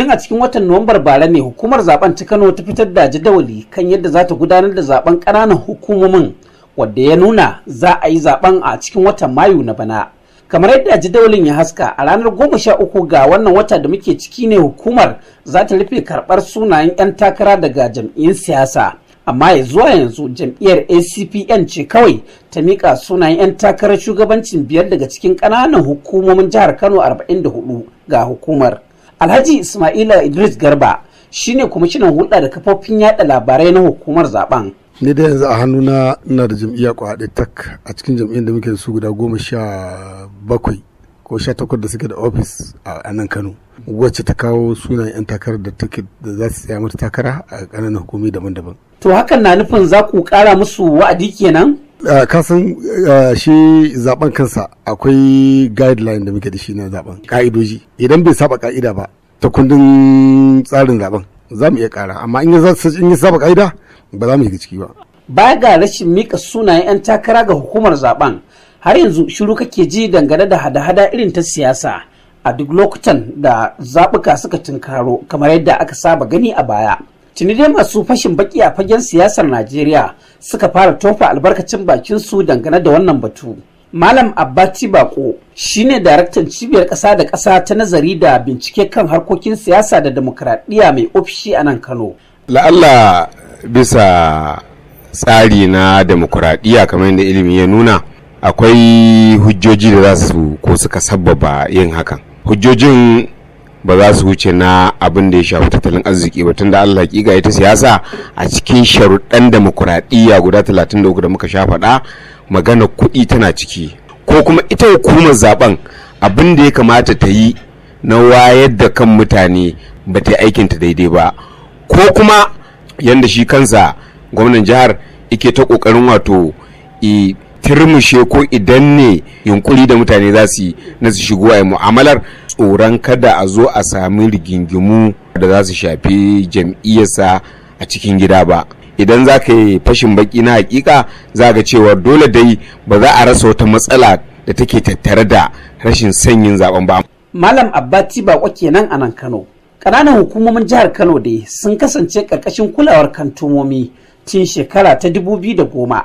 tun a cikin watan nuwambar bara ne hukumar zaben ta kano ta fitar da jadawali kan yadda za ta gudanar da zaben ƙananan hukumomin wadda ya nuna za a yi zaben a cikin watan mayu na bana kamar yadda jadawalin ya haska a ranar goma sha uku ga wannan wata da muke ciki ne hukumar za ta rufe karɓar sunayen 'yan takara daga jam'iyyun siyasa amma ya zuwa yanzu jam'iyyar acpn ce kawai ta mika sunayen 'yan takarar shugabancin biyar daga cikin ƙananan hukumomin jihar kano arba'in da hudu ga hukumar alhaji ismaila idris garba shine kwamishinan hulɗa da kafofin yada labarai na hukumar zaben ni da yanzu a hannuna ina da jam'iyya kwaɗe tak a cikin jam'iyyar da muke da su guda goma sha bakwai ko sha takwas da suke da ofis a nan kano wacce ta kawo sunan 'yan takarar da take da za su tsaya mata takara a ƙananan hukumi daban-daban to hakan na nufin za ku ƙara musu wa'adi kenan kasan shi zaben kansa akwai guideline da muke da shi na zaben ka'idoji idan bai saba ka'ida ba ta kundin tsarin zaben za mu iya kara amma in ya saba ka'ida ba za mu yi ciki ba baya ga rashin mika sunayen 'yan takara ga hukumar zaben har yanzu shiru kake ji dangane da hada-hada irin ta siyasa a duk lokutan da zaɓuka suka tunkaro kamar yadda aka saba gani a baya tuni dai masu fashin baki a fagen siyasar najeriya suka fara tofa albarkacin bakin su dangane da wannan batu malam abbati bako shine daraktan cibiyar ƙasa da ƙasa ta nazari da bincike kan harkokin siyasa da demokradiyya mai ofishi a nan kano la'alla bisa tsari na demokradiyya kamar yadda ilimi ya nuna akwai hujjoji da za su ko suka sabbaba yin hakan hujjojin ba za su wuce na abin da ya shafi tattalin arziki ba tunda Allah hakika ita siyasa a cikin sharuɗan demokuraɗiyya guda 33 da muka sha faɗa magana kuɗi tana ciki ko kuma ita hukumar zaben abin da ya kamata ta yi na wayar da kan mutane ba ta yi ta daidai ba ko kuma yadda shi kansa gwamnan jihar ike ta ƙoƙarin wato turmushe ko idan ne yunkuri da mutane za su yi na su shigo a mu'amalar tsoron kada a zo a sami rigingimu da za su shafi jam'iyyarsa a cikin gida ba idan za ka yi fashin baki na hakika za ga cewa dole dai ba za a rasa wata matsala da take tattare da rashin sanyin zaben ba. Malam Abbati Bako kenan a nan Kano. Ƙananan hukumomin jihar Kano dai sun kasance ƙarƙashin kulawar kantumomi tun shekara ta dubu biyu da goma.